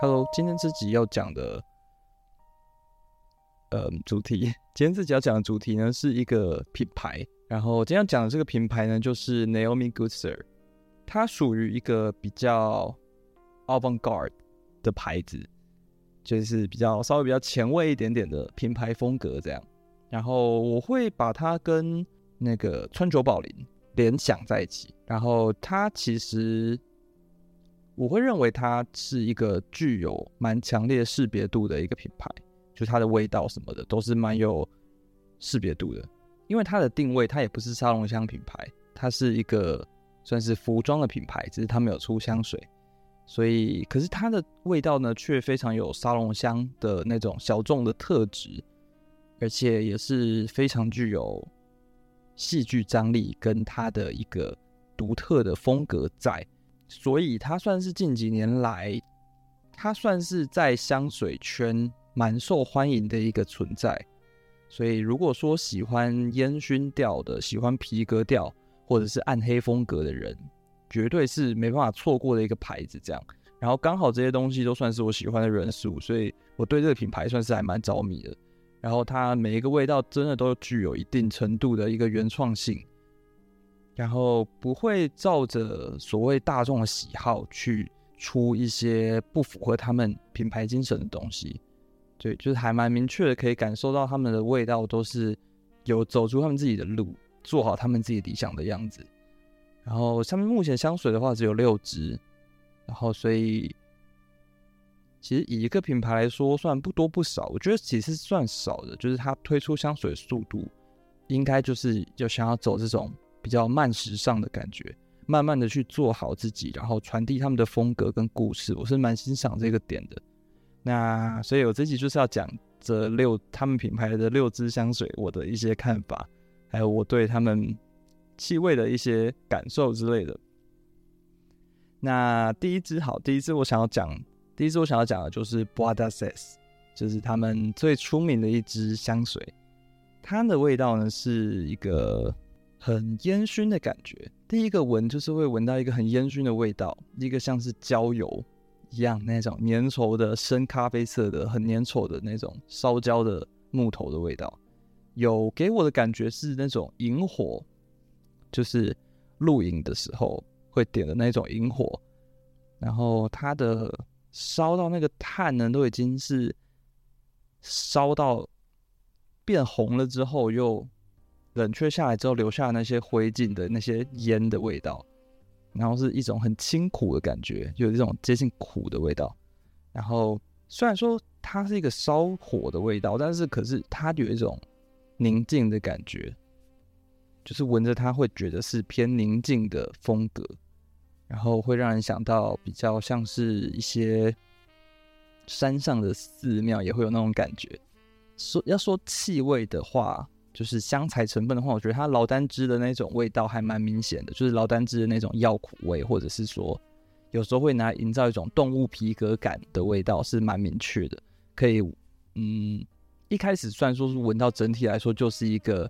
Hello，今天這集要講的，嗯，主題。今天這集要講的主題呢，是一個品牌。然後今天要講的這個品牌呢，就是 Naomi Goodsir，它屬於一個比較 avant-garde 的牌子，就是比較稍微比較前衛一點點的品牌風格這樣。然後我會把它跟那個川久保玲聯想在一起。然後它其實。我會認為它是一個具有蠻強烈識別度的一個品牌，就它的味道什麼的都是蠻有識別度的。因為它的定位，它也不是沙龍香品牌，它是一個算是服裝的品牌，只是它們有出香水。所以，可是它的味道呢，卻非常有沙龍香的那種小眾的特質，而且也是非常具有戲劇張力跟它的一個獨特的風格在。所以它算是近幾年來，它算是在香水圈蠻受歡迎的一個存在。所以如果說喜歡煙燻調的、喜歡皮革調或者是暗黑風格的人，絕對是沒辦法錯過的一個牌子這樣。然後剛好這些東西都算是我喜歡的元素，所以我對這個品牌算是還蠻着迷的。然後它每一個味道真的都具有一定程度的一個原創性。然後不會照着所謂大眾的喜好去出一些不符合他們品牌精神的東西，對，就是還蠻明確的，可以感受到他們的味道都是有走出他們自己的路，做好他們自己理想的樣子。然後他們目前香水的話只有六支，然後所以其實以一個品牌來說，算不多不少，我覺得其實算少的，就是它推出香水的速度應該就是有想要走這種。比較慢時尚的感覺，慢慢的去做好自己，然後傳遞他們的風格跟故事，我是蠻欣賞這個點的。那所以，我這集就是要講這六他們品牌的六支香水，我的一些看法，還有我對他們氣味的一些感受之類的。那第一支好，第一支我想要講，第一支我想要講的就是 Bois d'Ascèse，就是他們最出名的一支香水，它的味道呢是一個。很煙燻的感覺，第一個聞就是會聞到一個很煙燻的味道，一個像是焦油一樣那種粘稠的深咖啡色的、很粘稠的那種燒焦的木頭的味道，有給我的感覺是那種營火，就是露營的時候會點的那種營火，然後它的燒到那個炭呢都已經是燒到變紅了之後又。冷卻下來之後，留下那些灰燼的那些煙的味道，然後是一種很清苦的感覺，就有一種接近苦的味道。然後雖然說它是一個燒火的味道，但是可是它有一種寧靜的感覺，就是聞着它會覺得是偏寧靜的風格，然後會讓人想到比較像是一些山上的寺廟也會有那種感覺。說要說氣味的話。就是香材成分的話，我覺得它勞丹脂的那種味道還蠻明顯的，就是勞丹脂的那種藥苦味，或者是說有時候會拿來營造一種動物皮革感的味道，是蠻明確的。可以，嗯，一開始雖然說是聞到整體來說就是一個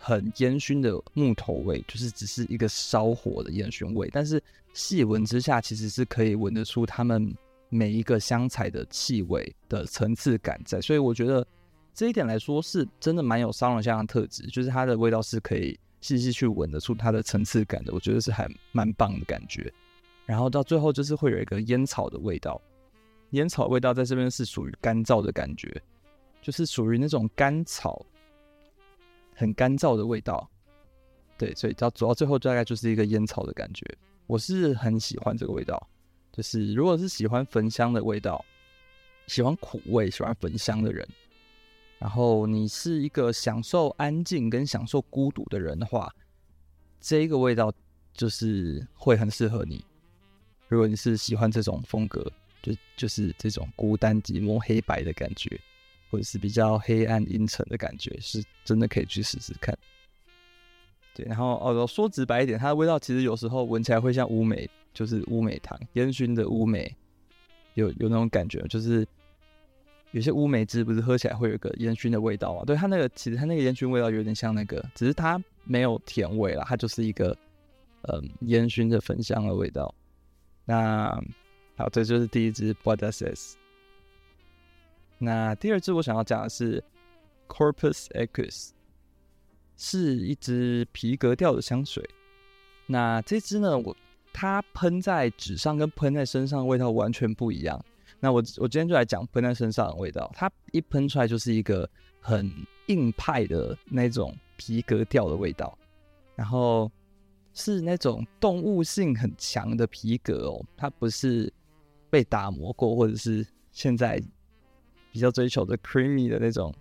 很煙燻的木頭味，就是只是一個燒火的煙燻味，但是細聞之下其實是可以聞得出他們每一個香材的氣味的層次感在，所以我覺得。這一點來說，是真的蠻有沙龍香的特質，就是它的味道是可以細細去聞得出它的層次感的，我覺得是還蠻棒的感覺。然後到最後就是會有一個煙草的味道，煙草的味道在這邊是屬於乾燥的感覺，就是屬於那種乾草，很乾燥的味道。對，所以到走到最後大概就是一個煙草的感覺。我是很喜歡這個味道，就是如果是喜歡焚香的味道，喜歡苦味、喜歡焚香的人，然後你是一個享受安靜跟享受孤獨的人的話，這個味道就是會很適合你。如果你是喜歡這種風格，就就是這種孤單寂寞黑白的感覺，或者是比較黑暗陰沉的感覺，是真的可以去試試看。對，然後哦，說直白一點，它的味道其實有時候聞起來會像烏梅，就是烏梅糖煙燻的烏梅，有有那種感覺，就是。有些烏梅汁不是喝起來會有一個煙燻的味道嗎？對，它那個，其實它那個煙燻味道有點像那個，只是它沒有甜味啦，它就是一個煙燻、嗯、的焚香的味道。那好，這就是第一支 Bois d'Ascèse。那第二支我想要講的是 Corpus Equus，是一支皮革調的香水。那這支呢，我它噴在紙上跟噴在身上的味道完全不一樣。那我我今天就來講噴在身上的味道，它一噴出來就是一個很硬派的那種皮革調的味道，然後是那種動物性很強的皮革哦，它不是被打磨過或者是現在比較追求的 creamy 的那種，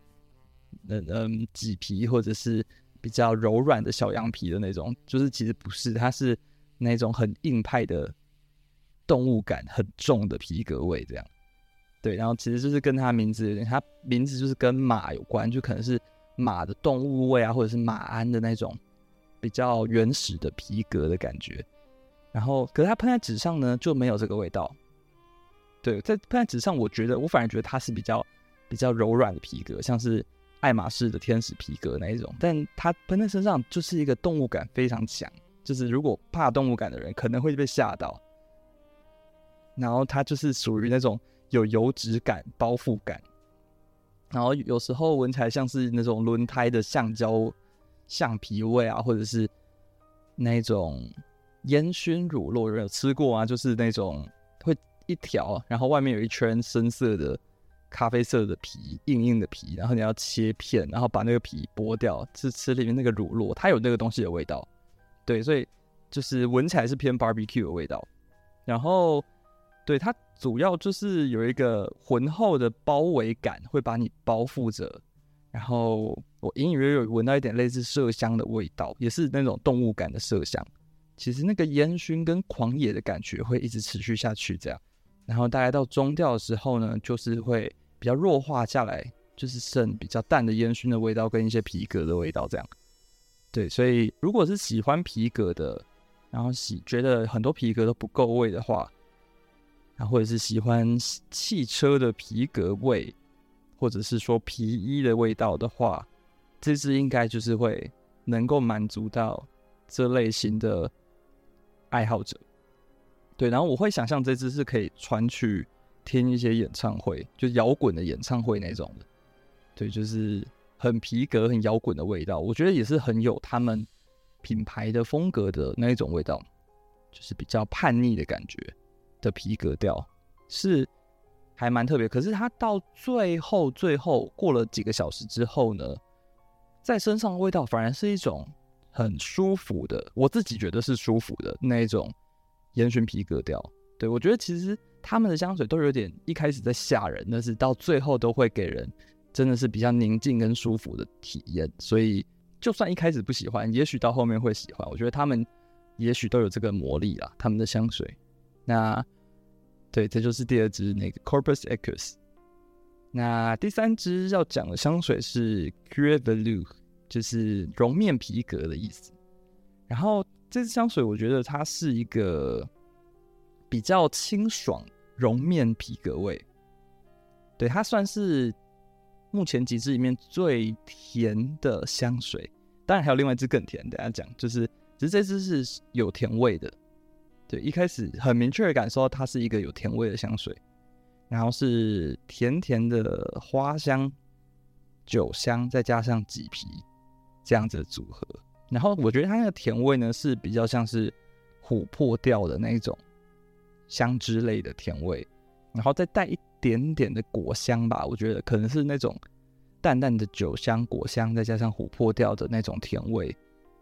嗯嗯麂皮或者是比較柔軟的小羊皮的那種，就是其實不是，它是那種很硬派的動物感很重的皮革味這樣。對，然後其實就是跟它名字有點，它名字就是跟馬有關，就可能是馬的動物味啊，或者是馬鞍的那種比較原始的皮革的感覺。然後，可是它噴在紙上呢，就沒有這個味道。對，在噴在紙上，我覺得我反而覺得它是比較比較柔軟的皮革，像是愛馬仕的天使皮革那一種。但它噴在身上就是一個動物感非常強，就是如果怕動物感的人可能會被嚇到。然後它就是屬於那種。有油脂感、包覆感，然後有時候聞起來像是那種輪胎的橡膠、橡皮味啊，或者是那種煙燻乳酪。有沒有吃過啊？就是那種會一條，然後外面有一圈深色的、咖啡色的皮，硬硬的皮，然後你要切片，然後把那個皮剝掉，是吃裡面那個乳酪，它有那個東西的味道。對，所以就是聞起來是偏 barbecue 的味道，然後。對，它主要就是有一個渾厚的包圍感，會把你包覆着。然後我隱隱約約聞到一點類似麝香的味道，也是那種動物感的麝香。其實那個煙燻跟狂野的感覺會一直持續下去，這樣。然後大概到中調的時候呢，就是會比較弱化下來，就是剩比較淡的煙燻的味道跟一些皮革的味道，這樣。對，所以如果是喜歡皮革的，然後喜覺得很多皮革都不夠味的話，然後、啊、或者是喜歡汽車的皮革味，或者是說皮衣的味道的話，這支應該就是會能夠滿足到這類型的愛好者。對，然後我會想象這支是可以穿去聽一些演唱會，就搖滾的演唱會那種的。對，就是很皮革、很搖滾的味道，我覺得也是很有他們品牌的風格的那一種味道，就是比較叛逆的感覺。的皮革調是還蠻特別，可是它到最後最後過了幾個小時之後呢，在身上的味道反而是一種很舒服的，我自己覺得是舒服的那一種煙燻皮革調。對，我覺得其實他們的香水都有點一開始在嚇人，但是到最後都會給人真的是比較寧靜跟舒服的體驗。所以就算一開始不喜歡，也許到後面會喜歡。我覺得他們也許都有這個魔力啦，他們的香水。那對，這就是第二支那個 Corpus Equus 那第三支要講的香水是 Cuir Velours 就是絨面皮革的意思。然後這支香水，我覺得它是一個比較清爽絨面皮革味。對，它算是目前幾支裡面最甜的香水。當然還有另外一支更甜，等下講。就是其實這支是有甜味的。對，一開始很明確的感受，它是一個有甜味的香水，然後是甜甜的花香、酒香，再加上麂皮這樣子的組合。然後我覺得它那個甜味呢，是比較像是琥珀調的那種香脂類的甜味，然後再帶一點點的果香吧。我覺得可能是那種淡淡的酒香、果香，再加上琥珀調的那種甜味，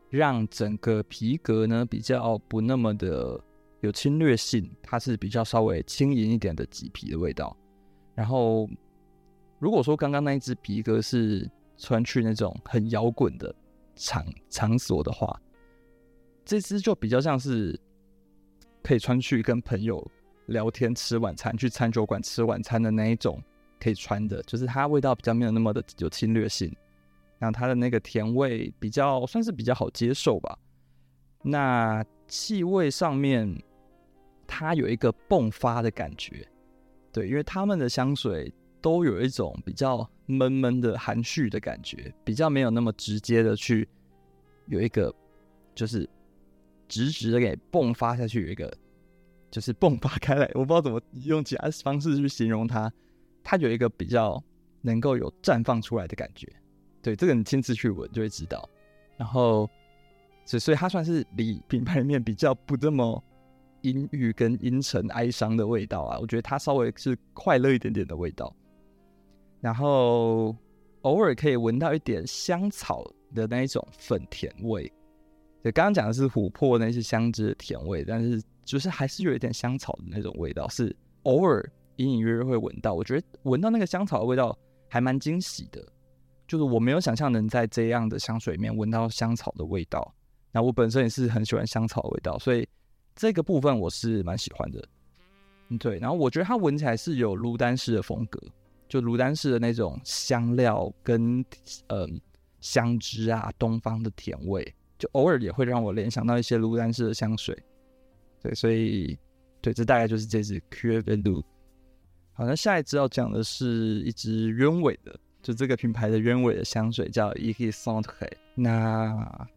讓整個皮革呢比較不那麼的。有侵略性，它是比較稍微輕盈一點的麂皮的味道。然後，如果說剛剛那一隻皮革是穿去那種很搖滾的場場所的話，這隻就比較像是可以穿去跟朋友聊天、吃晚餐、去餐酒館吃晚餐的那一種可以穿的，就是它味道比較沒有那麼的有侵略性，然後它的那個甜味比較算是比較好接受吧。那氣味上面，它有一個迸發的感覺，對，因為他們的香水都有一種比較悶悶的含蓄的感覺，比較沒有那麼直接的去有一個就是直直的給迸發下去，有一個就是迸發開來。我不知道怎麼用其他方式去形容它，它有一個比較能夠有綻放出來的感覺。對，這個你親自去聞就會知道。然後，所以所以它算是離品牌裡面比較不這麼。陰鬱跟陰沉、哀傷的味道啊，我覺得它稍微是快樂一點點的味道，然後偶爾可以聞到一點香草的那一種粉甜味。對，剛剛講的是琥珀，那是香汁的甜味，但是就是還是有一點香草的那種味道，是偶爾隱隱約約會聞到。我覺得聞到那個香草的味道還蠻驚喜的，就是我沒有想象能在這樣的香水裡面聞到香草的味道。那我本身也是很喜歡香草的味道，所以。這個部分我是蠻喜歡的，嗯對，然後我覺得它聞起來是有蘆丹氏的風格，就蘆丹氏的那種香料跟嗯、呃、香脂啊，東方的甜味，就偶爾也會讓我聯想到一些蘆丹氏的香水，對，所以對，這大概就是這支 Cuir Velours。好，那下一支要講的是一支鳶尾的，就這個品牌的鳶尾的香水叫 Iris Cendré 那。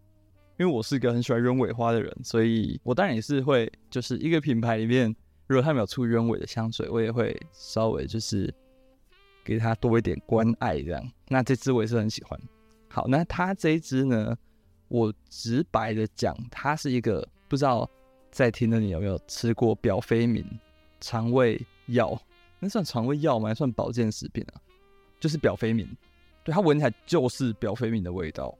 因為我是一個很喜歡鳶尾花的人，所以我當然也是會，就是一個品牌裡面，如果他沒有出鳶尾的香水，我也會稍微就是給他多一點關愛這樣。那這支我也是很喜歡。好，那它這一支呢，我直白的講，它是一個不知道在聽的你有沒有吃過表飛敏腸胃藥？那算腸胃藥嗎？還算保健食品啊？就是表飛敏，對它聞起來就是表飛敏的味道，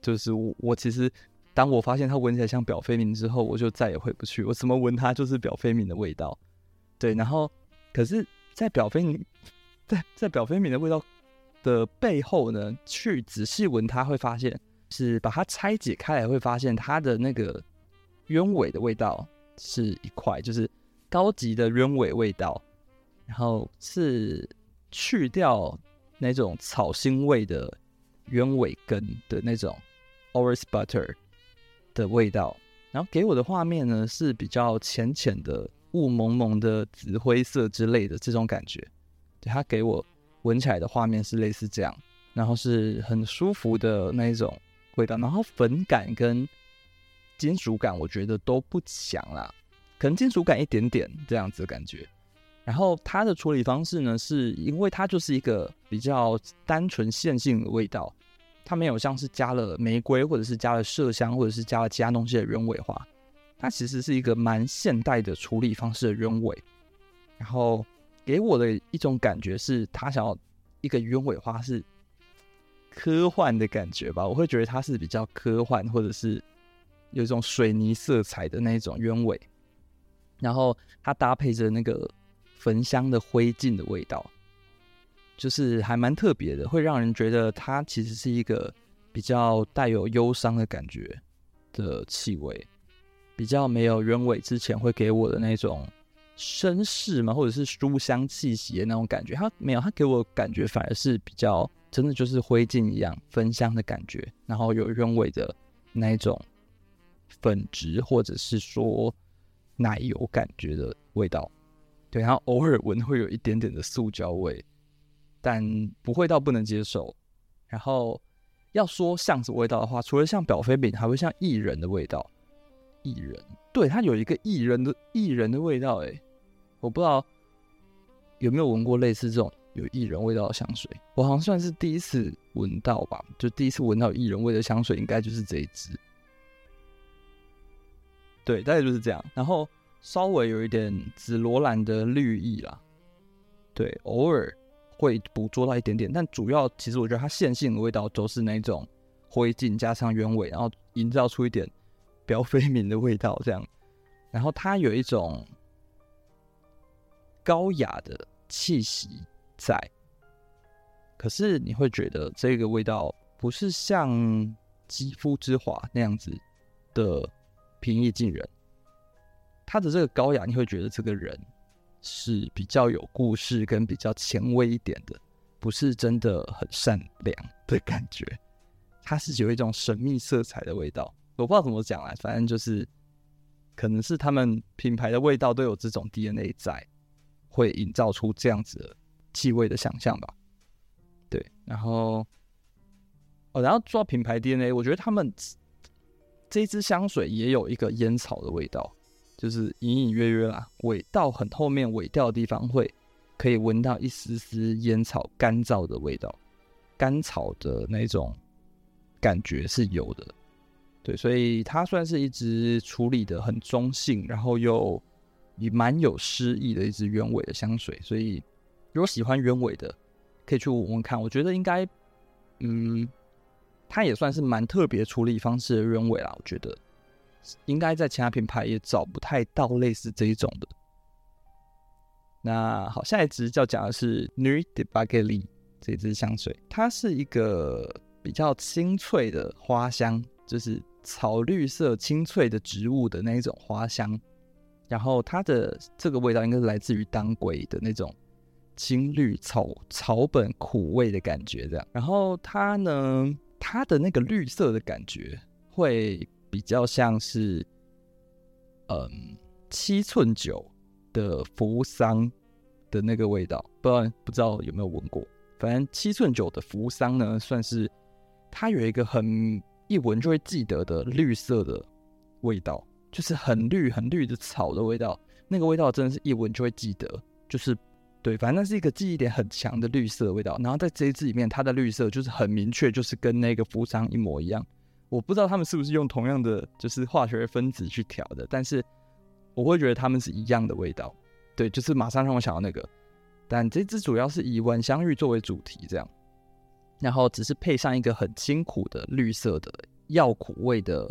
就是我我其實。當我發現它聞起來像表飛鳴之後，我就再也回不去。我怎麼聞它就是表飛鳴的味道，對。然後，可是在在，在表飛鳴對，在表飛鳴的味道的背後呢，去仔細聞它，會發現是把它拆解開來，會發現它的那個鳶尾的味道是一塊，就是高級的鳶尾味道，然後是去掉那種草腥味的鳶尾根的那種 orris butter。的味道，然後給我的畫面呢，是比較淺淺的霧濛濛的紫灰色之類的這種感覺，對，它給我聞起來的畫面是類似這樣，然後是很舒服的那一種味道，然後粉感跟金屬感我覺得都不強啦，可能金屬感一點點這樣子的感覺，然後它的處理方式呢，是因為它就是一個比較單純線性的味道。它沒有像是加了玫瑰，或者是加了麝香，或者是加了其他東西的鳶尾花，它其實是一個蠻現代的處理方式的鳶尾，然後給我的一種感覺是，它想要一個鳶尾花是科幻的感覺吧，我會覺得它是比較科幻，或者是有一種水泥色彩的那一種鳶尾，然後它搭配着那個焚香的灰燼的味道。就是還蠻特別的，會讓人覺得它其實是一個比較帶有憂傷的感覺的氣味，比較沒有鳶尾之前會給我的那種紳士嘛，或者是書香氣息的那種感覺。它沒有，它給我感覺反而是比較真的就是灰燼一樣焚香的感覺，然後有鳶尾的那一種粉質，或者是說奶油感覺的味道。對，然後偶爾聞會有一點點的塑膠味。但不會到不能接受，然後要說香水味道的話，除了像表飛餅，還會像藝人的味道。藝人，對，它有一個藝人的藝人的味道。哎，我不知道有沒有聞過類似這種有藝人味道的香水，我好像算是第一次聞到吧，就第一次聞到藝人味的香水，應該就是這一支。對，大概就是這樣。然後稍微有一點紫羅蘭的綠意啦，對，偶爾。會捕捉到一點點，但主要其實我覺得它線性的味道都是那種灰燼加上鳶尾，然後營造出一點比較飛明的味道，這樣。然後它有一種高雅的氣息在，可是你會覺得這個味道不是像肌膚之華那樣子的平易近人，它的這個高雅你會覺得這個人。是比較有故事跟比較前衛一點的，不是真的很善良的感覺，它是有一種神秘色彩的味道，我不知道怎麼講啊，反正就是，可能是他們品牌的味道都有這種 DNA 在，會營造出這樣子的氣味的想象吧。對，然後，哦，然後做品牌 DNA，我覺得他們這支香水也有一個煙草的味道。就是隱隱約約啦，尾到很後面尾調的地方會可以聞到一絲絲菸草乾燥的味道，乾草的那種感覺是有的。對，所以它算是一支處理的很中性，然後又也蠻有詩意的一支鳶尾的香水。所以如果喜歡鳶尾的，可以去聞聞看。我覺得應該，嗯，它也算是蠻特別處理方式的鳶尾啦。我覺得。應該在其他品牌也找不太到類似這一種的。那好，下一支要講的是 Nuit de Bakélite 這支香水，它是一個比較清脆的花香，就是草綠色、清脆的植物的那一種花香。然後它的這個味道應該是來自於當歸的那種青綠草草本苦味的感覺，這樣。然後它呢，它的那個綠色的感覺會。比較像是，嗯，七寸九的扶桑的那個味道，不知道，不知道有沒有聞過。反正七寸九的扶桑呢，算是它有一個很一聞就會記得的綠色的味道，就是很綠很綠的草的味道。那個味道真的是一聞就會記得，就是對，反正是一個記憶點很強的綠色的味道。然後在這一支裡面，它的綠色就是很明確，就是跟那個扶桑一模一樣。我不知道他們是不是用同樣的就是化學分子去調的，但是我會覺得它們是一樣的味道，對，就是馬上讓我想到那個。但這支主要是以晚香玉作為主題這樣，然後只是配上一個很清苦的綠色的藥苦味的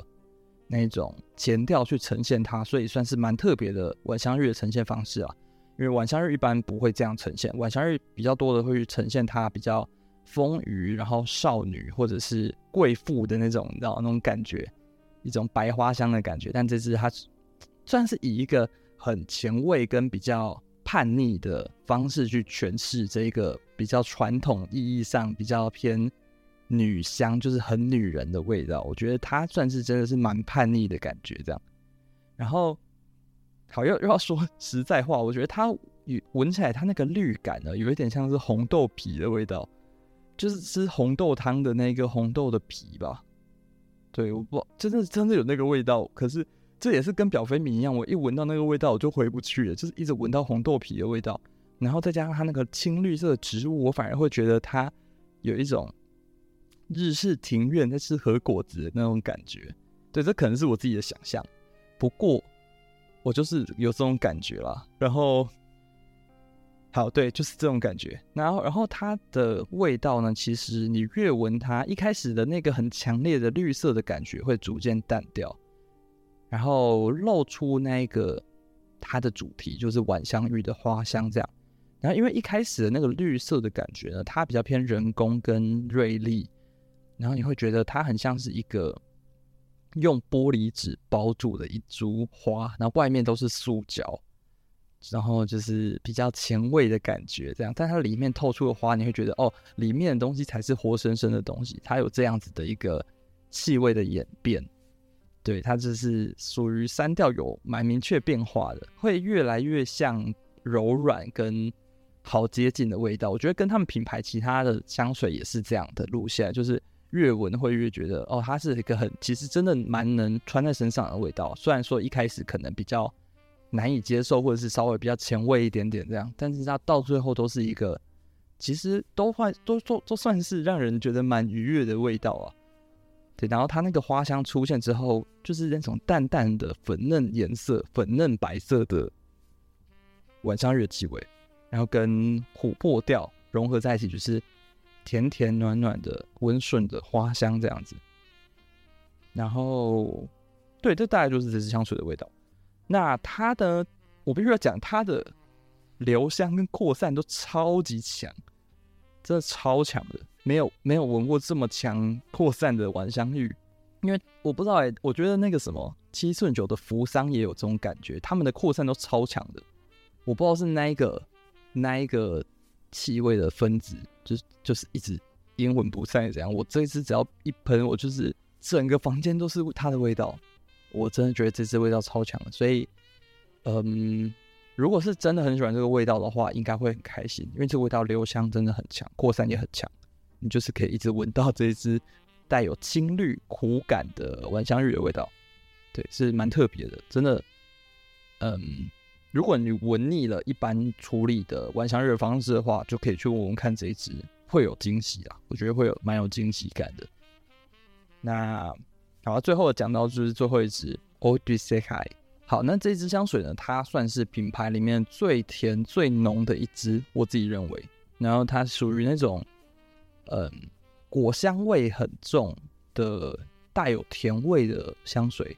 那種前調去呈現它，所以算是蠻特別的晚香玉的呈現方式啊。因為晚香玉一般不會這樣呈現，晚香玉比較多的會去呈現它比較。風豐腴，然後少女或者是貴婦的那種，然後那種感覺，一種白花香的感覺。但這支它，算是以一個很前衛跟比較叛逆的方式去詮釋這一個比較傳統意義上比較偏女香，就是很女人的味道。我覺得它算是真的是蠻叛逆的感覺，這樣。然後，好又又要說實在話，我覺得它聞起來它那個綠感呢，有一點像是紅豆皮的味道。就是吃紅豆湯的那個紅豆的皮吧，對，我不，真的真的有那個味道。可是這也是跟表飛米一樣，我一聞到那個味道，我就回不去了，就是一直聞到紅豆皮的味道。然後再加上它那個青綠色的植物，我反而會覺得它有一種日式庭院在吃和果子的那種感覺。對，這可能是我自己的想象，不過我就是有這種感覺啦。然後。好，對，就是這種感覺。然後，然後它的味道呢，其實你越聞它，一開始的那個很強烈的綠色的感覺會逐漸淡掉，然後露出那一個它的主題，就是晚香玉的花香這樣。然後，因為一開始的那個綠色的感覺呢，它比較偏人工跟銳利，然後你會覺得它很像是一個用玻璃紙包住的一株花，然後外面都是塑膠。然後就是比較前衛的感覺，這樣，但它裡面透出的花，你會覺得哦，裡面的東西才是活生生的東西，它有這樣子的一個氣味的演變。對，它就是屬於三調有蠻明確變化的，會越來越像柔軟跟好接近的味道。我覺得跟他們品牌其他的香水也是這樣的路線，就是越聞會越覺得哦，它是一個很其實真的蠻能穿在身上的味道，雖然說一開始可能比較。難以接受，或者是稍微比較前衛一點點這樣，但是它到最後都是一個，其實都換都都都算是讓人覺得蠻愉悅的味道啊。對，然後它那個花香出現之後，就是那種淡淡的粉嫩顏色，粉嫩白色的晚香玉氣味，然後跟琥珀調融合在一起，就是甜甜暖暖的溫順的花香這樣子。然後，對，這大概就是這支香水的味道。那它的，我必須要講，它的留香跟擴散都超級強，真的超強的，沒有沒有聞過這麼強擴散的晚香玉。因為我不知道、欸、我覺得那個什麼七寸九的扶桑也有這種感覺，他們的擴散都超強的。我不知道是哪一個哪一個氣味的分子，就是就是一直陰魂不散，怎樣？我這次只要一噴，我就是整個房間都是它的味道。我真的覺得這支味道超強，所以，嗯，如果是真的很喜歡這個味道的話，應該會很開心，因為這味道留香真的很強，擴散也很強，你就是可以一直聞到這一支帶有青綠苦感的晚香玉的味道，對，是蠻特別的，真的，嗯，如果你聞膩了一般處理的晚香玉的方式的話，就可以去聞聞看這一支會有驚喜啊，我覺得會有蠻有驚喜感的，那。好，最後講到就是最後一支 Or du Sérail 好，那這支香水呢，它算是品牌裡面最甜最濃的一支，我自己認為。然後它屬於那種，嗯，果香味很重的，帶有甜味的香水。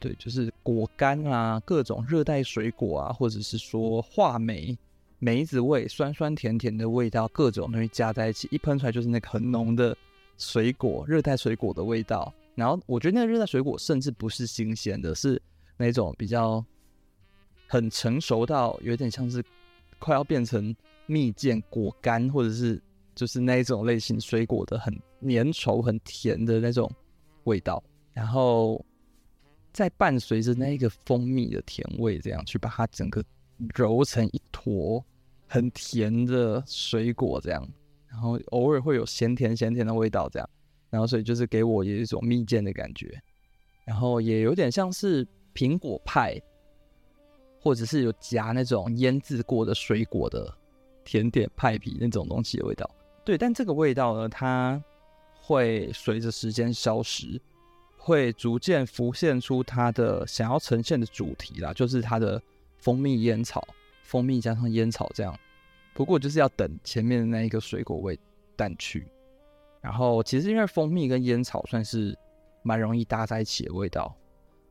對，就是果乾啊，各種熱帶水果啊，或者是說話梅、梅子味，酸酸甜甜的味道，各種東西加在一起，一噴出來就是那個很濃的。水果，熱帶水果的味道。然後，我覺得那個熱帶水果甚至不是新鮮的，是那種比較很成熟到有點像是快要變成蜜餞、果乾或者是就是那一種類型水果的很粘稠、很甜的那種味道。然後，再伴隨着那一個蜂蜜的甜味，這樣去把它整個揉成一坨很甜的水果，這樣。然後偶爾會有鹹甜鹹甜的味道，這樣，然後所以就是給我有一種蜜餞的感覺，然後也有點像是蘋果派，或者是有夾那種醃制過的水果的甜點派皮那種東西的味道。對，但這個味道呢，它會隨着時間消失，會逐漸浮現出它的想要呈現的主題啦，就是它的蜂蜜菸草，蜂蜜加上菸草這樣。不過就是要等前面的那一個水果味淡去，然後其實因為蜂蜜跟煙草算是蠻容易搭在一起的味道，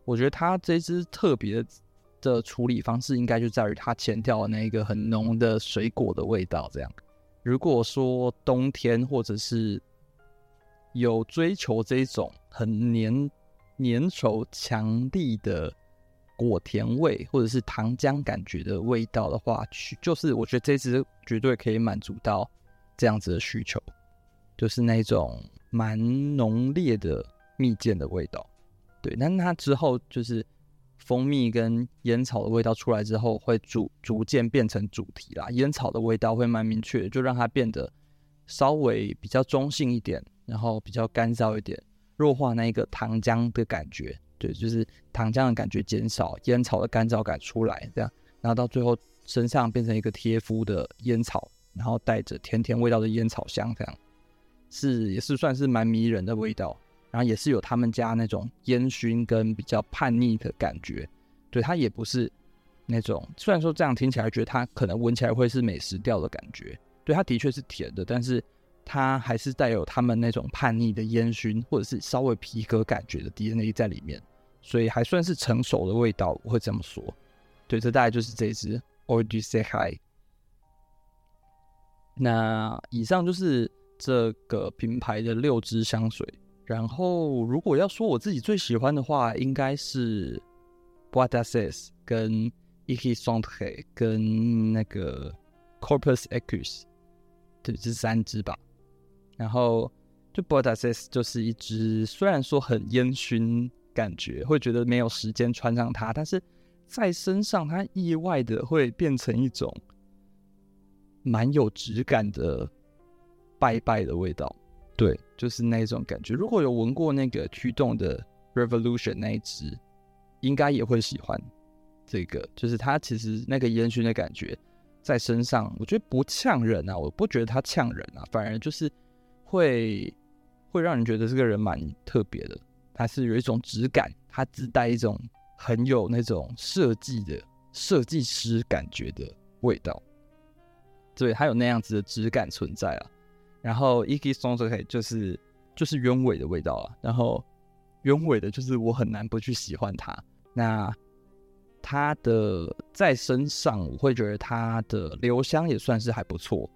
我覺得它這支特別的處理方式應該就在於它前調的那一個很濃的水果的味道這樣。如果說冬天或者是有追求這種很黏黏稠強力的果甜味或者是糖漿感覺的味道的話，就是我覺得這支絕對可以滿足到這樣子的需求，就是那種蠻濃烈的蜜餞的味道。對，那它之後就是蜂蜜跟煙草的味道出來之後，會逐逐漸變成主題啦。煙草的味道會蠻明確，就讓它變得稍微比較中性一點，然後比較乾燥一點，弱化那一個糖漿的感覺。就是糖漿的感覺減少，煙草的乾燥感出來，這樣，然後到最後身上變成一個貼膚的煙草，然後帶着甜甜味道的煙草香，這樣。是，也是算是蠻迷人的味道，然後也是有他們家那種煙熏跟比較叛逆的感覺，對，它也不是那種，雖然說這樣聽起來覺得它可能聞起來會是美食調的感覺，對，它的確是甜的，但是它還是帶有他們那種叛逆的煙熏，或者是稍微皮革感覺的 DNA 在裡面。所以還算是成熟的味道，我會這麼說。對，這大概就是這支。Or du Sérail。那以上就是這個品牌的六支香水。然後，如果要說我自己最喜歡的話，應該是 Bois d'Ascèse 跟 Iris Cendré 跟那個 Corpus Equus，對，這三支吧。然後，就 Bois d'Ascèse 就是一支，雖然說很煙燻。感覺會覺得沒有時間穿上它，但是在身上，它意外的會變成一種蠻有質感的拜拜的味道。對，就是那一種感覺。如果有聞過那個驅動的 Revolution 那一支，應該也會喜歡這個。就是它其實那個煙燻的感覺在身上，我覺得不嗆人啊，我不覺得它嗆人啊，反而就是會會讓人覺得這個人蠻特別的。它是有一種質感，它自帶一種很有那種設計的設計師感覺的味道，對，它有那樣子的質感存在啊。然後 Iris Cendré 就是就是鳶尾的味道啊，然後鳶尾的，就是我很難不去喜歡它。那它的在身上，我會覺得它的留香也算是還不錯。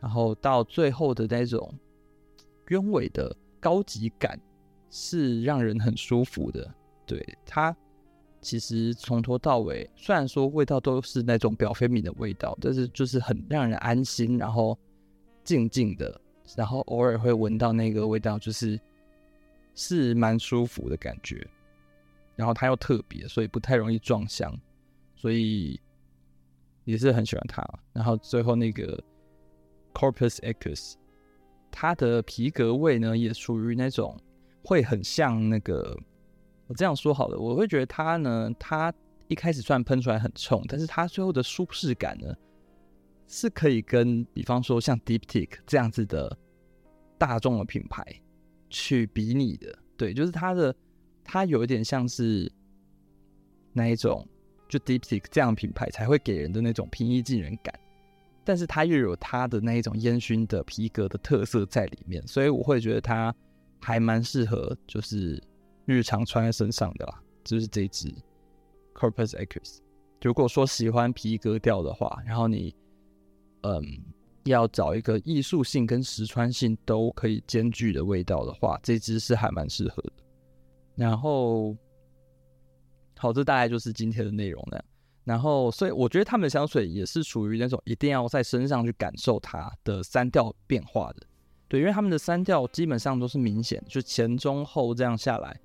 然後到最後的那種鳶尾的高級感。是讓人很舒服的，對，它其實從頭到尾，雖然說味道都是那種表飛米的味道，但是就是很讓人安心，然後靜靜的，然後偶爾會聞到那個味道，就是是蠻舒服的感覺。然後它又特別，所以不太容易撞香，所以也是很喜歡它。然後最後那個 Corpus Equus，它的皮革味呢，也屬於那種。會很像那個，我這樣說好了，我會覺得它呢，它一開始雖然噴出來很衝，但是它最後的舒適感呢，是可以跟比方說像 Diptyque 這樣子的大眾的品牌去比擬的。對，就是它的它有一點像是那一種，就 Diptyque 這樣的品牌才會給人的那種平易近人感，但是它又有它的那一種煙燻的皮革的特色在裡面，所以我會覺得它還蠻適合，就是日常穿在身上的啦，就是這支 Corpus Equus。如果說喜歡皮革調的話，然後你嗯，要找一個藝術性跟實穿性都可以兼具的味道的話，這支是還蠻適合的。然後，好，這大概就是今天的內容了。然後，所以我覺得他們的香水也是屬於那種一定要在身上去感受它的三調變化的。對，因為他們的三調基本上都是明顯，就前中後這樣下來，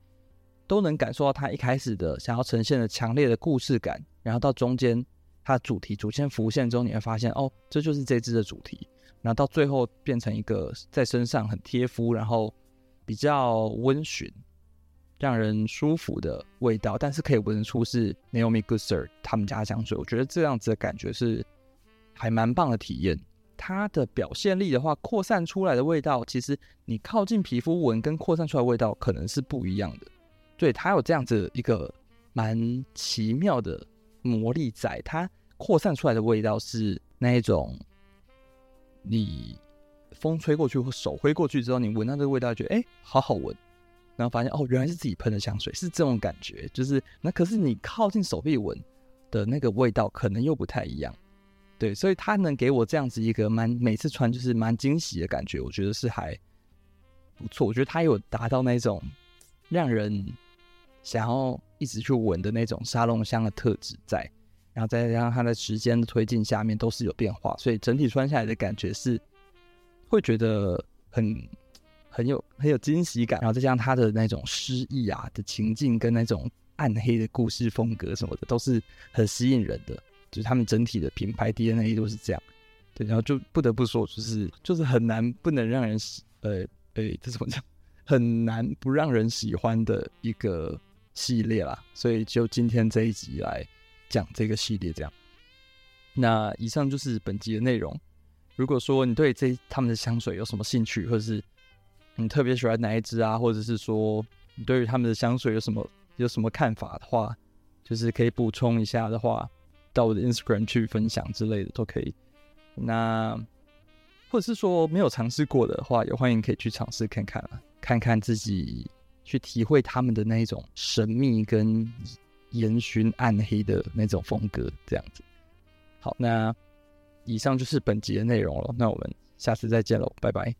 都能感受到他一開始的想要呈現的強烈的故事感，然後到中間，它主題主線浮現之後，你會發現哦，這就是這支的主題，然後到最後變成一個在身上很貼膚，然後比較溫循，讓人舒服的味道，但是可以聞得出是 Naomi g u s s e r 他們家香水，我覺得這樣子的感覺是還蠻棒的體驗。它的表現力的話，擴散出來的味道，其實你靠近皮膚聞跟擴散出來的味道可能是不一樣的。對，它有這樣子一個蠻奇妙的魔力在，它擴散出來的味道是那一種，你風吹過去或手揮過去之後，你聞到這個味道，覺得哎，欸，好好聞，然後發現哦，原來是自己噴的香水，是這種感覺。就是那可是你靠近手臂聞的那個味道，可能又不太一樣。對，所以他能給我這樣子一個蠻每次穿就是蠻驚喜的感覺，我覺得是還不錯。我覺得他有達到那種讓人想要一直去聞的那種沙龍香的特質在，然後再加上他的時間的推進下面都是有變化，所以整體穿下來的感覺是會覺得很很有很有驚喜感。然後再加上他的那種詩意啊的情境跟那種暗黑的故事風格什麼的，都是很吸引人的。就是他們整體的品牌 DNA 都是這樣，對，然後就不得不說，就是就是很難不能讓人喜，呃，呃，這怎麼講？很難不讓人喜歡的一個系列啦。所以就今天這一集來講這個系列，這樣。那以上就是本集的內容。如果說你對這他們的香水有什麼興趣，或者是你特別喜歡哪一支啊，或者是說你對於他們的香水有什麼有什麼看法的話，就是可以補充一下的話，到我的 Instagram 去分享之類的都可以。那或者是說沒有嘗試過的話，也歡迎可以去嘗試看看，看看自己去體會他們的那一種神秘跟煙燻暗黑的那種風格，這樣子。好，那以上就是本集的內容了。那我們下次再見嘍，拜拜。